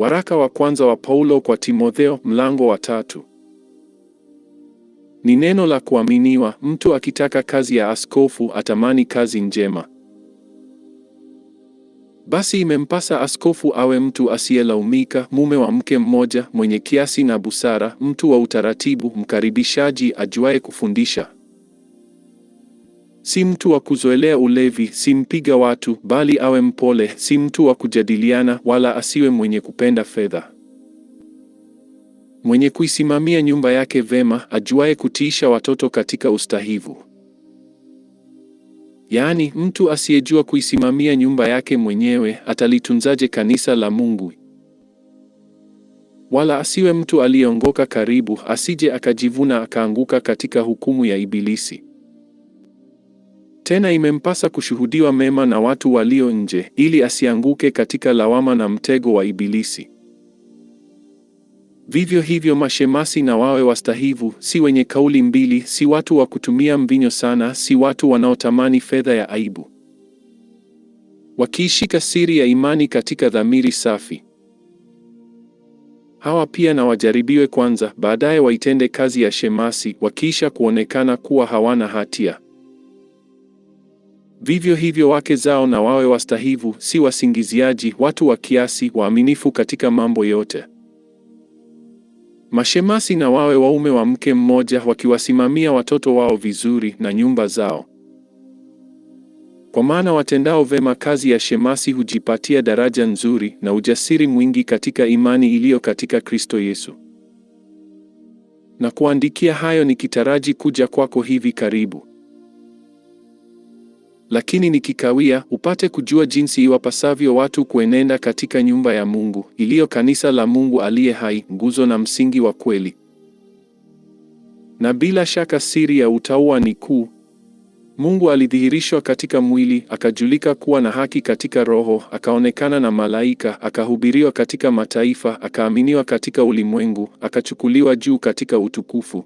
Waraka wa kwanza wa Paulo kwa Timotheo mlango wa tatu. Ni neno la kuaminiwa, mtu akitaka kazi ya askofu atamani kazi njema. Basi imempasa askofu awe mtu asiyelaumika, mume wa mke mmoja, mwenye kiasi na busara, mtu wa utaratibu, mkaribishaji, ajuaye kufundisha, Si mtu wa kuzoelea ulevi, si mpiga watu, bali awe mpole, si mtu wa kujadiliana, wala asiwe mwenye kupenda fedha, mwenye kuisimamia nyumba yake vema, ajuaye kutiisha watoto katika ustahivu. Yaani, mtu asiyejua kuisimamia nyumba yake mwenyewe atalitunzaje kanisa la Mungu? Wala asiwe mtu aliyeongoka karibu, asije akajivuna akaanguka katika hukumu ya Ibilisi. Tena imempasa kushuhudiwa mema na watu walio nje, ili asianguke katika lawama na mtego wa Ibilisi. Vivyo hivyo mashemasi na wawe wastahivu, si wenye kauli mbili, si watu wa kutumia mvinyo sana, si watu wanaotamani fedha ya aibu, wakiishika siri ya imani katika dhamiri safi. Hawa pia na wajaribiwe kwanza, baadaye waitende kazi ya shemasi, wakiisha kuonekana kuwa hawana hatia. Vivyo hivyo wake zao na wawe wastahivu, si wasingiziaji, watu wa kiasi, waaminifu katika mambo yote. Mashemasi na wawe waume wa mke mmoja, wakiwasimamia watoto wao vizuri na nyumba zao. Kwa maana watendao vema kazi ya shemasi hujipatia daraja nzuri na ujasiri mwingi katika imani iliyo katika Kristo Yesu. Na kuandikia hayo nikitaraji kuja kwako hivi karibu lakini nikikawia, upate kujua jinsi iwapasavyo watu kuenenda katika nyumba ya Mungu, iliyo kanisa la Mungu aliye hai, nguzo na msingi wa kweli. Na bila shaka siri ya utauwa ni kuu. Mungu alidhihirishwa katika mwili, akajulika kuwa na haki katika Roho, akaonekana na malaika, akahubiriwa katika mataifa, akaaminiwa katika ulimwengu, akachukuliwa juu katika utukufu.